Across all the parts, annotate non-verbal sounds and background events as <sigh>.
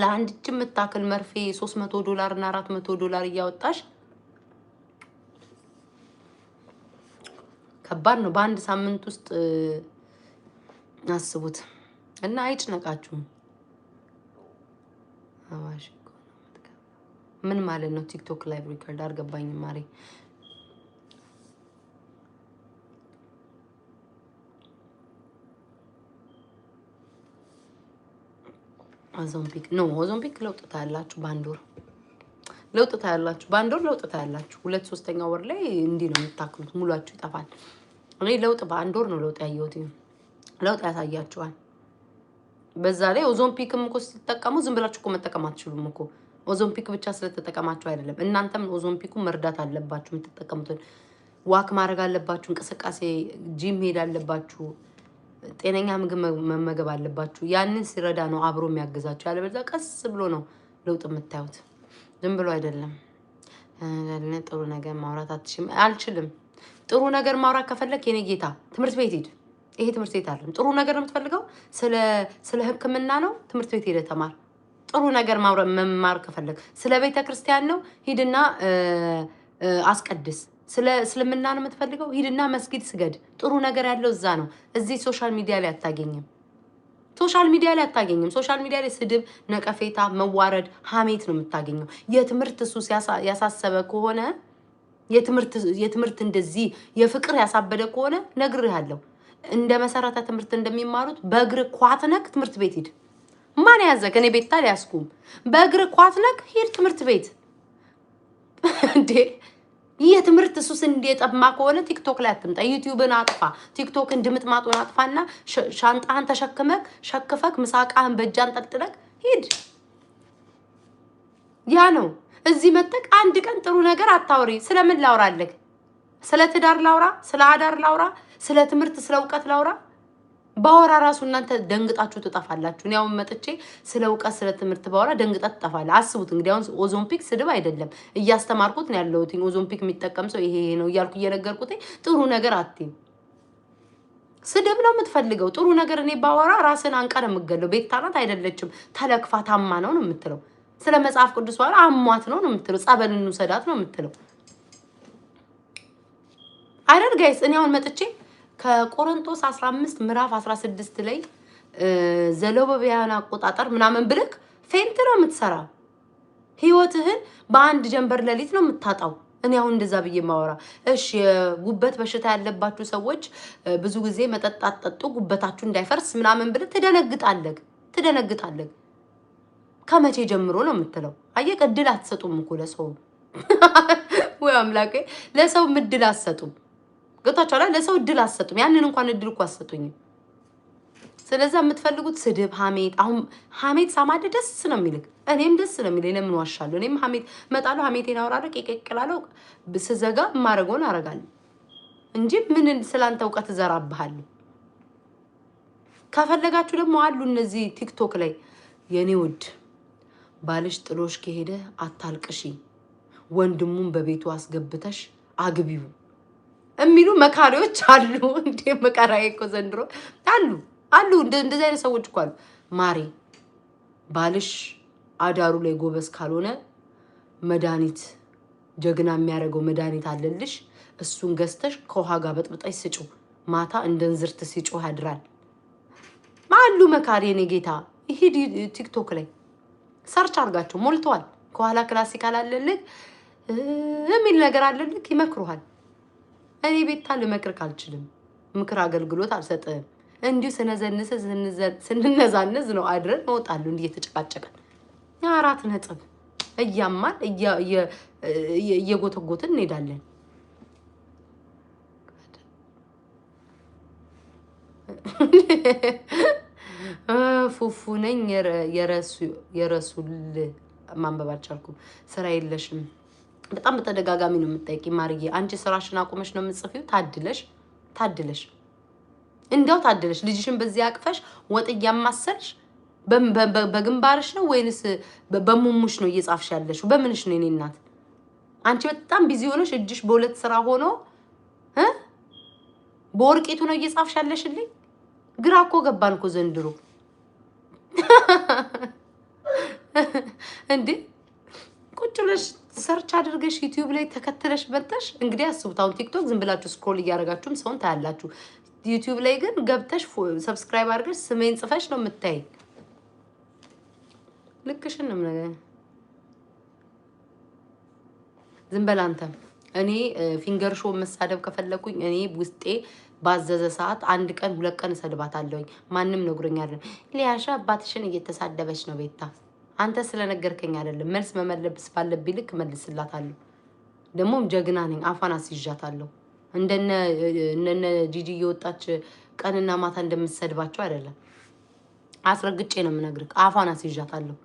ለአንድ እጅ የምታክል መርፌ 300 ዶላር እና 400 ዶላር እያወጣሽ ከባድ ነው። በአንድ ሳምንት ውስጥ አስቡት እና አይጭነቃችሁም። ምን ማለት ነው? ቲክቶክ ላይቭ ሪከርድ አልገባኝም ማሬ። ኦዞምፒክ ኖ ኦዞምፒክ ለውጥታ ያላችሁ በአንድ ወር ለውጥታ ያላችሁ በአንድ ወር ለውጥ ሁለት ሶስተኛ ወር ላይ እንዲህ ነው የምታክሉት፣ ሙሏችሁ ይጠፋል። እኔ ለውጥ በአንድ ወር ነው ለውጥ ያየሁት። ለውጥ ያሳያችኋል። በዛ ላይ ኦዞምፒክም እኮ ስትጠቀሙ ዝም ብላችሁ እኮ መጠቀም አትችሉም እኮ ኦዞምፒክ ብቻ ስለተጠቀማችሁ አይደለም። እናንተም ኦዞምፒኩ መርዳት አለባችሁ። የምትጠቀሙትን ዋክ ማድረግ አለባችሁ። እንቅስቃሴ ጂም ሄድ አለባችሁ። ጤነኛ ምግብ መመገብ አለባችሁ። ያንን ሲረዳ ነው አብሮ የሚያግዛችሁ። ያለበዛ ቀስ ብሎ ነው ለውጥ የምታዩት፣ ዝም ብሎ አይደለም። ጥሩ ነገር ማውራት አትችም። አልችልም። ጥሩ ነገር ማውራት ከፈለግ የኔ ጌታ ትምህርት ቤት ሂድ። ይሄ ትምህርት ቤት አለም። ጥሩ ነገር ነው የምትፈልገው፣ ስለ ሕክምና ነው ትምህርት ቤት ሄደ ተማር። ጥሩ ነገር መማር ከፈለግ ስለ ቤተ ክርስቲያን ነው ሂድና አስቀድስ። ስለ እስልምና ነው የምትፈልገው? ሂድና መስጊድ ስገድ። ጥሩ ነገር ያለው እዛ ነው። እዚህ ሶሻል ሚዲያ ላይ አታገኝም። ሶሻል ሚዲያ ላይ አታገኝም። ሶሻል ሚዲያ ላይ ስድብ፣ ነቀፌታ፣ መዋረድ፣ ሀሜት ነው የምታገኘው። የትምህርት እሱ ያሳሰበ ከሆነ የትምህርት እንደዚህ የፍቅር ያሳበደ ከሆነ ነግሬሃለሁ። እንደ መሰረተ ትምህርት እንደሚማሩት በእግር ኳትነክ ትምህርት ቤት ሂድ። ማን ያዘክ? እኔ ቤታ ሊያስኩም በእግር ኳትነክ ሂድ ትምህርት ቤት እንዴ ይህ ትምህርት ሱስ እንደጠማ ከሆነ ቲክቶክ ላይ አትምጣ። ዩቲዩብን አጥፋ፣ ቲክቶክን ድምጥማጡን አጥፋና ሻንጣህን ተሸክመክ ሸክፈክ ምሳቃህን በእጃን ጠቅጥለክ ሂድ። ያ ነው። እዚህ መጠቅ አንድ ቀን ጥሩ ነገር አታውሪ። ስለምን ላውራለክ? ስለ ትዳር ላውራ፣ ስለ አዳር ላውራ፣ ስለ ትምህርት፣ ስለ እውቀት ላውራ ባወራ ራሱ እናንተ ደንግጣችሁ ትጠፋላችሁ። እኔ አሁን መጥቼ ስለ እውቀት ስለ ትምህርት ባወራ ደንግጣ ትጠፋለ። አስቡት እንግዲህ አሁን ኦዞምፒክ ስድብ አይደለም እያስተማርኩት ነው ያለሁት። ኦዞምፒክ የሚጠቀም ሰው ይሄ ነው እያልኩ እየነገርኩት ጥሩ ነገር አትይም። ስድብ ነው የምትፈልገው። ጥሩ ነገር እኔ ባወራ ራስን አንቃ ነው የምገለው። ቤት አይደለችም ተለክፋ ታማ ነው ነው የምትለው። ስለ መጽሐፍ ቅዱስ ባወራ አሟት ነው ነው የምትለው። ጸበል እንውሰዳት ነው የምትለው። አይደል ጋይስ እኔ አሁን መጥቼ ከቆሮንቶስ 15 ምዕራፍ 16 ላይ ዘሌዋውያን አቆጣጠር ምናምን ብልክ ፌንት ነው የምትሰራ ህይወትህን በአንድ ጀንበር ሌሊት ነው የምታጣው። እኔ አሁን እንደዛ ብዬ ማወራ። እሺ የጉበት በሽታ ያለባችሁ ሰዎች ብዙ ጊዜ መጠጥ አትጠጡ፣ ጉበታችሁ እንዳይፈርስ ምናምን ብል ትደነግጣለህ ትደነግጣለህ። ከመቼ ጀምሮ ነው የምትለው? አየህ፣ እድል አትሰጡም እኮ ለሰው <laughs> ወይ አምላኬ፣ ለሰው እድል አትሰጡም። ገብታችኋል። ለሰው እድል አትሰጡም። ያንን እንኳን እድል እኮ አሰጡኝ። ስለዚህ የምትፈልጉት ስድብ፣ ሀሜት። አሁን ሀሜት ሳማድ ደስ ነው የሚልክ፣ እኔም ደስ ነው የሚል። ለምን ዋሻለሁ? እኔም ሀሜት እመጣለሁ፣ ሀሜቴን አወራለሁ፣ ቄቄቅላለሁ፣ ስዘጋ የማደርገውን አደርጋለሁ እንጂ ምን ስላንተ እውቀት እዘራብሃለሁ። ከፈለጋችሁ ደግሞ አሉ እነዚህ ቲክቶክ ላይ የኔ ውድ ባልሽ ጥሎሽ ከሄደ አታልቅሺ፣ ወንድሙን በቤቱ አስገብተሽ አግቢው የሚሉ መካሪዎች አሉ። <laughs> እንዴ መከራዬ እኮ ዘንድሮ አሉ አሉ። እንደዚህ አይነት ሰዎች እኮ አሉ። ማሬ ባልሽ አዳሩ ላይ ጎበዝ ካልሆነ መድኃኒት ጀግና የሚያደርገው መድኃኒት አለልሽ። እሱን ገዝተሽ ከውሃ ጋር በጥብጣሽ ስጩ። ማታ እንደ እንዝርት ሲጮህ ያድራል። አሉ መካሪ የኔ ጌታ። ይሄ ቲክቶክ ላይ ሰርች አድርጋቸው ሞልተዋል። ከኋላ ክላሲካል አለልህ የሚል ነገር አለልህ ይመክሩሃል። እኔ ቤታ ልመክርክ አልችልም። ምክር አገልግሎት አልሰጥህም። እንዲሁ ስነዘንስ ስንነዛነዝ ነው አድረን መውጣሉ። እንዲህ እየተጨቃጨቀን አራት ነጥብ እያማን እየጎተጎትን እንሄዳለን። <laughs> ፉፉ ነኝ የረሱል ማንበብ አልቻልኩም። ስራ የለሽም በጣም በተደጋጋሚ ነው የምጠይቂ ማርዬ፣ አንቺ ስራሽን አቁመሽ ነው የምጽፊው? ታድለሽ ታድለሽ፣ እንዲያው ታድለሽ። ልጅሽን በዚህ አቅፈሽ ወጥ እያማሰልሽ በግንባርሽ ነው ወይንስ በሙሙሽ ነው እየጻፍሽ ያለሽ? በምንሽ ነው? የኔ እናት አንቺ በጣም ቢዚ ሆነሽ እጅሽ በሁለት ስራ ሆኖ በወርቂቱ ነው እየጻፍሽ ያለሽልኝ። ግራ እኮ ገባን እኮ ዘንድሮ <laughs> እንዴ ቁጭ ብለሽ ሰርች አድርገሽ ዩቲዩብ ላይ ተከትለሽ በልተሽ እንግዲህ አስቡት። አሁን ቲክቶክ ዝም ብላችሁ ስክሮል እያደረጋችሁም ሰውን ታያላችሁ። ዩቲዩብ ላይ ግን ገብተሽ ሰብስክራይብ አድርገሽ ስሜን ጽፈሽ ነው የምታይ። ልክሽንም ነገር ዝም በል እኔ ፊንገር ሾ መሳደብ ከፈለኩኝ እኔ ውስጤ ባዘዘ ሰዓት አንድ ቀን ሁለት ቀን እሰድባት አለውኝ። ማንም ነግሮኛል። ሊያሻ አባትሽን እየተሳደበች ነው ቤታ አንተ ስለነገርከኝ አይደለም። መልስ መመለስ ባለብኝ ልክ መልስላታለሁ። ደግሞም ጀግና ነኝ። አፋን አስይዣታለሁ። እንደነ ጂጂ እየወጣች ቀንና ማታ እንደምትሰድባቸው አይደለም። አስረግጬ ነው የምነግርህ። አፋን አስይዣታለሁ።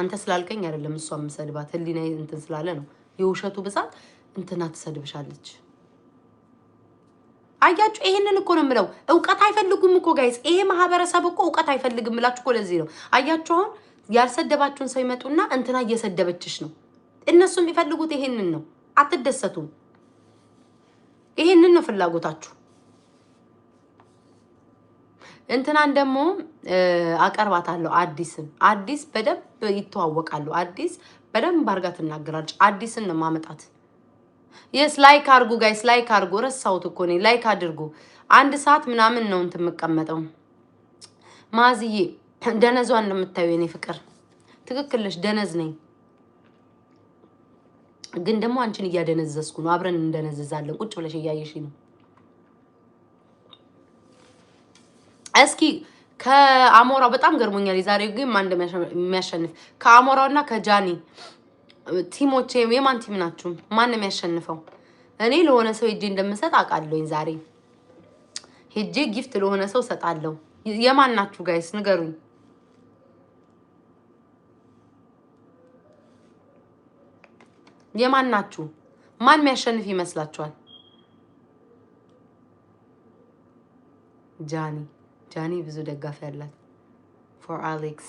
አንተ ስላልከኝ አይደለም እሷ የምሰድባት ህሊና እንትን ስላለ ነው። የውሸቱ ብዛት እንትና ትሰድብሻለች። አያችሁ ይሄንን እኮ ነው የምለው። እውቀት አይፈልጉም እኮ ጋይስ። ይሄ ማህበረሰብ እኮ እውቀት አይፈልግም ምላችሁ እኮ ለዚህ ነው አያችሁ። አሁን ያልሰደባችሁን ሰው ይመጡና እንትና እየሰደበችሽ ነው። እነሱ የሚፈልጉት ይሄንን ነው። አትደሰቱም። ይሄንን ነው ፍላጎታችሁ። እንትናን ደግሞ አቀርባታለሁ። አዲስን አዲስ በደንብ ይተዋወቃሉ። አዲስ በደንብ አድርጋ ትናገራለች። አዲስን ነው ማመጣት የስ ላይክ አድርጉ ጋይስ፣ ላይክ አርጉ። ረሳሁት እኮ እኔ ላይክ አድርጉ። አንድ ሰዓት ምናምን ነው እንትን የምቀመጠው። ማዝዬ ደነዟ እንደምታዩ የኔ ፍቅር ትክክል ደነዝ ነኝ ግን ደግሞ አንቺን እያደነዘዝኩ ነው። አብረን እንደነዘዛለን። ቁጭ ብለሽ እያየሽ ነው። እስኪ ከአሞራው በጣም ገርሞኛል። የዛሬው ግን ማን እንደሚያሸንፍ ከአሞራው እና ከጃኒ ቲሞች የማን ቲም ናችሁ? ማን ነው የሚያሸንፈው? እኔ ለሆነ ሰው ሄጄ እንደምሰጥ አውቃለሁኝ። ዛሬ ሄጄ ጊፍት ለሆነ ሰው ሰጣለሁ። የማን ናችሁ ጋይስ ንገሩኝ። የማን ናችሁ? ማን የሚያሸንፍ ይመስላችኋል? ጃኒ ጃኒ ብዙ ደጋፊ ያላት ፎር አሌክስ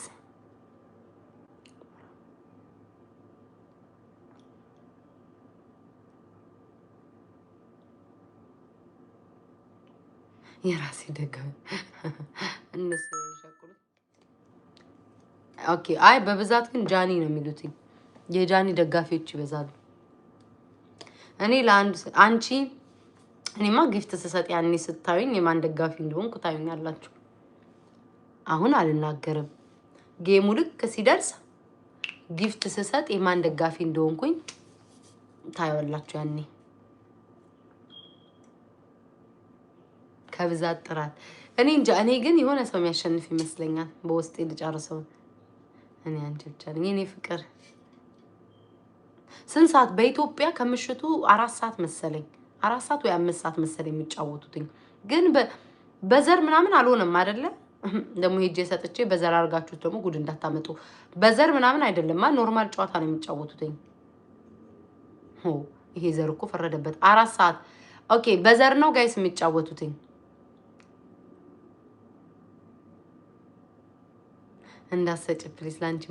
የራሴ ደጋሚ እነሱ ሸቁሉ። ኦኬ። አይ በብዛት ግን ጃኒ ነው የሚሉት። የጃኒ ደጋፊዎች ይበዛሉ። እኔ ለአንድ አንቺ እኔማ ጊፍት ስሰጥ ያኔ ስታዩኝ የማን ደጋፊ እንደሆንኩ ታዩኛላችሁ። አሁን አልናገርም። ጌሙ ልክ ሲደርስ ጊፍት ስሰጥ የማን ደጋፊ እንደሆንኩኝ ታዩላችሁ ያኔ ከብዛት ጥራት። እኔ እንጃ። እኔ ግን የሆነ ሰው የሚያሸንፍ ይመስለኛል። በውስጤ ልጨርሰውን። እኔ አንቺ ብቻ ነኝ እኔ ፍቅር። ስንት ሰዓት በኢትዮጵያ? ከምሽቱ አራት ሰዓት መሰለኝ፣ አራት ሰዓት ወይ አምስት ሰዓት መሰለኝ የሚጫወቱትኝ። ግን በዘር ምናምን አልሆነም አይደለ? ደግሞ ሄጄ ሰጥቼ በዘር አድርጋችሁት ደግሞ ጉድ እንዳታመጡ። በዘር ምናምን አይደለማ፣ ኖርማል ጨዋታ ነው የሚጫወቱትኝ። ይሄ ዘር እኮ ፈረደበት። አራት ሰዓት ኦኬ። በዘር ነው ጋይስ የሚጫወቱትኝ። እንዳሰጭ ፕሊስ። ለአንቺ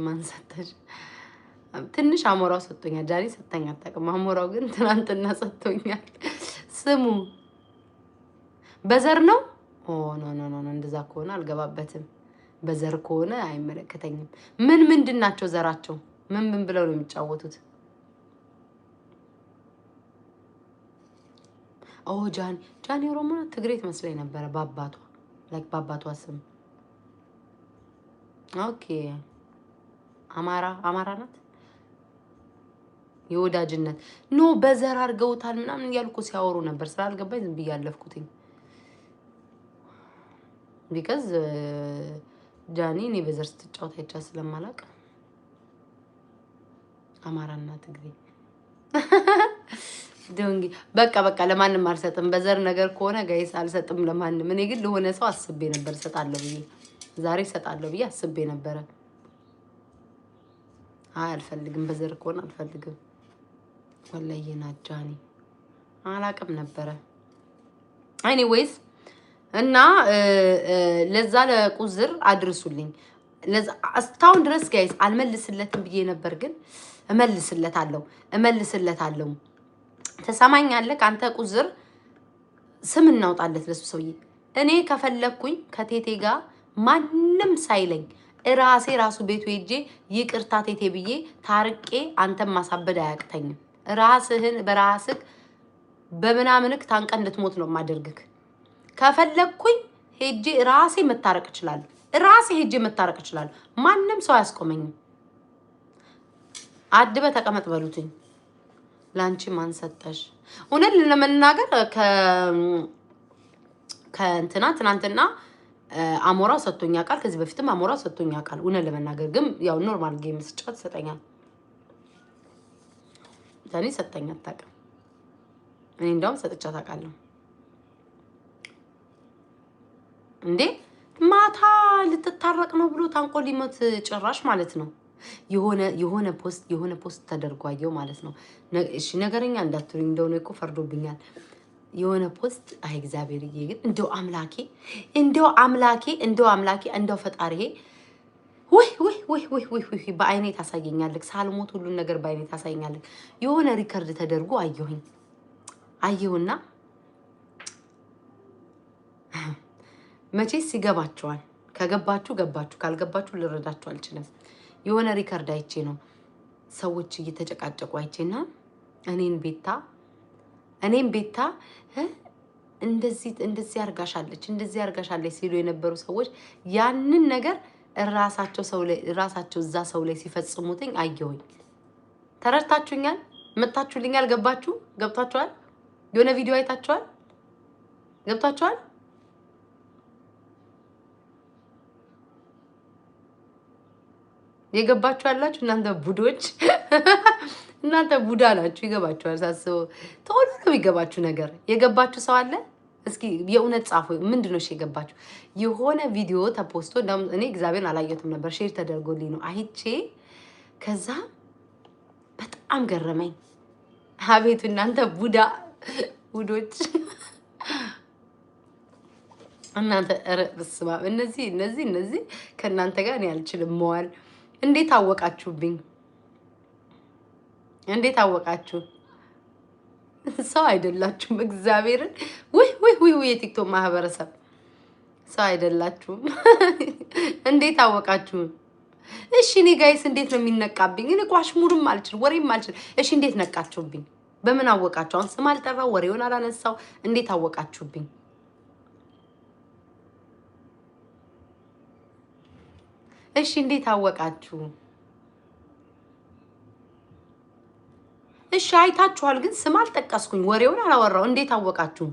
ትንሽ አሞራው ሰጥቶኛል። ዛሬ ሰጥተኛ አታውቅም። አሞራው ግን ትናንትና ሰጥቶኛል። ስሙ በዘር ነው። ኦ ኖ ኖ ኖ፣ እንደዛ ከሆነ አልገባበትም። በዘር ከሆነ አይመለከተኝም። ምን ምንድን ናቸው ዘራቸው? ምን ምን ብለው ነው የሚጫወቱት? ኦ ጃኒ ጃኒ ኦሮሞ ትግሬ ትመስለኝ ነበረ በአባቷ ላይክ በአባቷ ስም ኦኬ አማራ አማራ ናት የወዳጅነት ኖ በዘር አድርገውታል ምናምን እያሉ ሲያወሩ ነበር። ስላልገባኝ ዝም ብዬ አለፍኩትኝ። ቢከዝ ጃኒ እኔ በዘር ስትጫወት አይቻ ስለማላቅ አማራና ትግሬ ደንግ <laughs> በቃ በቃ ለማንም አልሰጥም። በዘር ነገር ከሆነ ጋይስ አልሰጥም ለማንም። እኔ ግን ለሆነ ሰው አስቤ ነበር እሰጣለሁ ብዬ ዛሬ እሰጣለሁ ብዬ አስቤ ነበረ። አይ አልፈልግም፣ በዘር ከሆነ አልፈልግም። ወላዬ ናጃኒ አላቅም ነበረ። ኤኒዌይስ እና ለዛ ለቁዝር አድርሱልኝ። እስካሁን ድረስ ጋይዝ አልመልስለትም ብዬ ነበር፣ ግን እመልስለታለሁ፣ እመልስለታለሁ። ተሰማኛለህ አንተ ቁዝር ስም እናውጣለት ለሱ ሰውዬ። እኔ ከፈለግኩኝ ከቴቴ ጋር ማንም ሳይለኝ እራሴ ራሱ ቤቱ ሄጄ ይቅርታ ቴቴ ብዬ ታርቄ አንተን ማሳበድ አያቅተኝም። ራስህን በራስህ በምናምንክ ታንቀ እንድትሞት ነው የማደርግክ። ከፈለግኩኝ ሄጄ ራሴ መታረቅ እችላለሁ። ራሴ ሄጄ መታረቅ እችላለሁ። ማንም ሰው አያስቆመኝም። አድበ ተቀመጥ በሉትኝ። ለአንቺ ማን ሰጠሽ? እውነት ለመናገር ከእንትና ትናንትና አሞራው ሰጥቶኛ ቃል ከዚህ በፊትም አሞራው ሰጥቶኛ ቃል እውነት ለመናገር ግን ያው ኖርማል ጌም ስጫወት ይሰጠኛል። ለእኔ ሰጠኝ አታውቅም። እኔ እንዲያውም ሰጥቻ አውቃለሁ እንዴ ማታ ልትታረቅ ነው ብሎ ታንቆ ሊሞት ጭራሽ ማለት ነው። የሆነ የሆነ ፖስት የሆነ ፖስት ተደርጓየው ማለት ነው። እሺ ነገረኛ እንዳትሉኝ እንደሆነ እኮ ፈርዶብኛል። የሆነ ፖስት አይ እግዚአብሔርዬ፣ ግን እንደው አምላኬ፣ እንደው አምላኬ፣ እንደው አምላኬ፣ እንደው ፈጣሪዬ ውህ በአይኔ ታሳየኛለህ፣ ሳልሞት ሁሉን ነገር በአይኔ ታሳየኛለህ። የሆነ ሪከርድ ተደርጎ አየሁኝ አየሁና መቼስ ይገባችኋል። ከገባችሁ ገባችሁ፣ ካልገባችሁ ልረዳችሁ አልችልም። የሆነ ሪከርድ አይቼ ነው ሰዎች እየተጨቃጨቁ አይቼና እኔን ቤታ እኔም ቤታ እንደዚህ እንደዚህ አርጋሻለች እንደዚህ አርጋሻለች ሲሉ የነበሩ ሰዎች ያንን ነገር ራሳቸው ሰው ላይ ራሳቸው እዛ ሰው ላይ ሲፈጽሙትኝ አየሁኝ። ተረድታችሁኛል? መታችሁልኛል? ገባችሁ? ገብታችኋል? የሆነ ቪዲዮ አይታችኋል? ገብታችኋል? የገባችሁ ያላችሁ እናንተ ቡዶች <laughs> እናንተ ቡዳ ናችሁ። ይገባችኋል። ሳስበው ተወዶ ነው የሚገባችሁ ነገር። የገባችሁ ሰው አለ? እስኪ የእውነት ጻፉ። ምንድን ነው የገባችሁ? የሆነ ቪዲዮ ተፖስቶ እንደውም እኔ እግዚአብሔርን አላየሁትም ነበር፣ ሼር ተደርጎልኝ ነው አይቼ፣ ከዛ በጣም ገረመኝ። አቤቱ እናንተ ቡዳ ውዶች እናንተ ረስማ እነዚህ እነዚህ እነዚህ ከእናንተ ጋር እኔ አልችልም መዋል። እንዴት አወቃችሁብኝ? እንዴት አወቃችሁ? ሰው አይደላችሁም። እግዚአብሔርን ውይ ውይ ውይ ውይ! የቲክቶክ ማህበረሰብ ሰው አይደላችሁም። እንዴት አወቃችሁ? እሺ እኔ ጋይስ እንዴት ነው የሚነቃብኝ? እኔ እኮ አልችል ወሬም አልችል። እሺ እንዴት ነቃችሁብኝ? በምን አወቃችሁ? አሁን ስም አልጠራው ወሬውን አላነሳው። እንዴት አወቃችሁብኝ? እሺ እንዴት አወቃችሁ? እሺ አይታችኋል፣ ግን ስም አልጠቀስኩኝ፣ ወሬውን አላወራው። እንዴት አወቃችሁ?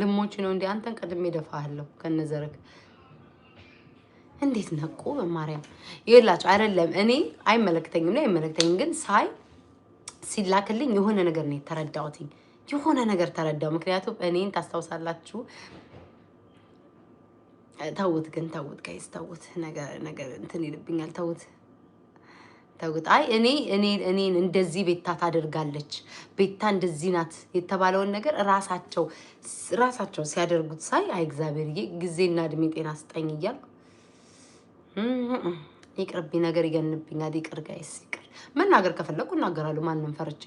ልሞች ነው እንዴ? አንተን ቀድሜ ደፋሃለሁ ከነዘረግ እንዴት ነቁ በማርያም ይላችሁ። አይደለም እኔ አይመለከተኝም ላይ አይመለከተኝም፣ ግን ሳይ ሲላክልኝ የሆነ ነገር ነው የተረዳሁትኝ። የሆነ ነገር ተረዳው። ምክንያቱም እኔን ታስታውሳላችሁ ተውት ግን ተውት፣ ጋይስ ተውት። ነገር ነገር እንትን ይልብኛል። ተውት ተውት። አይ እኔ እኔ እኔን እንደዚህ ቤታ ታደርጋለች፣ ቤታ እንደዚህ ናት የተባለውን ነገር ራሳቸው ራሳቸው ሲያደርጉት ሳይ አይ እግዚአብሔርዬ፣ ጊዜና እድሜ ጤና ስጠኝ እያልኩ ይቅርቢ፣ ነገር ይገንብኛል። ይቅር ጋይስ፣ ይቅር። መናገር ከፈለኩ እናገራሉ፣ ማንም ፈርቼ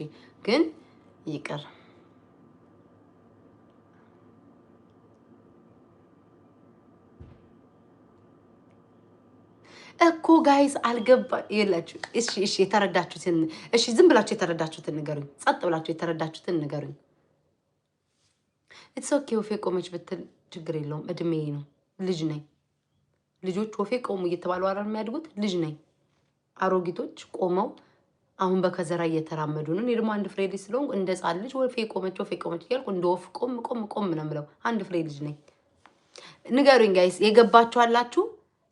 ግን ይቅር እኮ ጋይዝ አልገባ የላችሁ። እሺ እሺ፣ የተረዳችሁትን እሺ፣ ዝም ብላችሁ የተረዳችሁትን ንገሩኝ። ጸጥ ብላችሁ የተረዳችሁትን ንገሩኝ። ኢትስ ኦኬ። ወፌ ቆመች ብትል ችግር የለውም። እድሜ ነው፣ ልጅ ነኝ። ልጆች ወፌ ቆሙ እየተባሉ አራ የሚያድጉት ልጅ ነኝ። አሮጊቶች ቆመው አሁን በከዘራ እየተራመዱ ነው። እኔ ደግሞ አንድ ፍሬ ልጅ ስለሆንኩ እንደ ጻን ልጅ ወፌ ቆመች ወፌ ቆመች እያልኩ እንደ ወፍ ቆም ቆም ቆም ነው የምለው። አንድ ፍሬ ልጅ ነኝ። ንገሩኝ ጋይስ፣ የገባችኋላችሁ?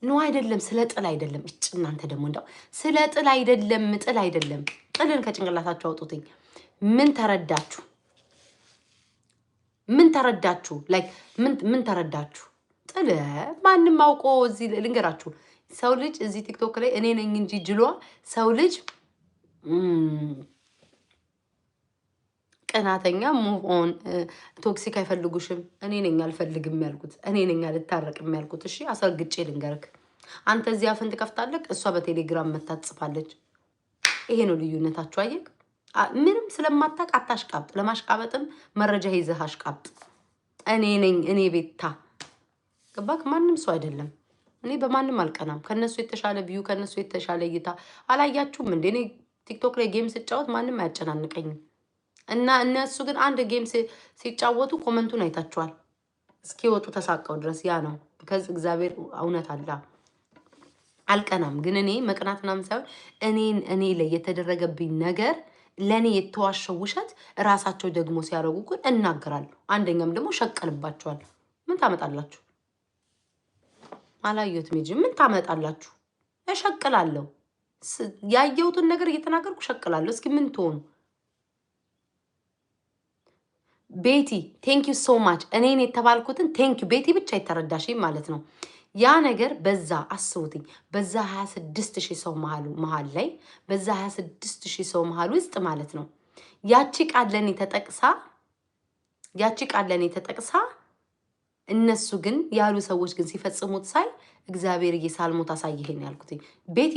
ኖ አይደለም፣ ስለ ጥል አይደለም። እጭ እናንተ ደግሞ እንደው ስለ ጥል አይደለም፣ ጥል አይደለም። ጥልን ከጭንቅላታችሁ አውጡትኝ። ምን ተረዳችሁ? ምን ተረዳችሁ? ላይክ ምን ተረዳችሁ? ጥል ማንም አውቆ እዚህ ልንገራችሁ፣ ሰው ልጅ እዚህ ቲክቶክ ላይ እኔ ነኝ እንጂ ጅሏ ሰው ልጅ ቀናተኛ ሙቭ ቶክሲክ አይፈልጉሽም። እኔ ነኝ አልፈልግም ያልኩት፣ እኔ ነኝ አልታረቅም ያልኩት። እሺ አስረግጬ ልንገርክ፣ አንተ እዚህ አፍን ትከፍታለህ፣ እሷ በቴሌግራም መታጽፋለች። ይሄ ነው ልዩነታችሁ። አየህ፣ ምንም ስለማታቅ አታሽቃብጥ። ለማሽቃበጥም መረጃ ይዘህ አሽቃብጥ። እኔ ነኝ እኔ ቤታ ገባክ? ማንም ሰው አይደለም። እኔ በማንም አልቀናም። ከነሱ የተሻለ ቢዩ ከነሱ የተሻለ እይታ አላያችሁም እንዴ? እኔ ቲክቶክ ላይ ጌም ስጫወት ማንም አያጨናንቀኝም። እና እነሱ ግን አንድ ጌም ሲጫወቱ ኮመንቱን አይታችኋል። እስኪወጡ ተሳቀው ድረስ ያ ነው። ከዚ እግዚአብሔር እውነት አላ አልቀናም። ግን እኔ መቅናት ምናምን ሳይሆን እኔን እኔ ላይ የተደረገብኝ ነገር ለእኔ የተዋሸው ውሸት ራሳቸው ደግሞ ሲያደርጉ ግን እናገራለሁ። አንደኛም ደግሞ ሸቀልባቸዋል? ምን ታመጣላችሁ? አላየሁት ሜጅ ምን ታመጣላችሁ? እሸቅላለሁ። ያየሁትን ነገር እየተናገርኩ እሸቅላለሁ። እስኪ ምን ትሆኑ ቤቲ ቴንኪዩ ሶ ማች እኔን የተባልኩትን ቴንኪዩ ቤቲ ብቻ የተረዳሽኝ ማለት ነው። ያ ነገር በዛ አስቡትኝ በዛ 26 ሺህ ሰው መሀል ላይ በዛ 26 ሺህ ሰው መሀል ውስጥ ማለት ነው ያቺ ቃል ለእኔ ተጠቅሳ ያቺ ቃል ለእኔ ተጠቅሳ እነሱ ግን ያሉ ሰዎች ግን ሲፈጽሙት ሳይ እግዚአብሔር እየሳልሞት አሳይህን ያልኩትኝ ቤቲ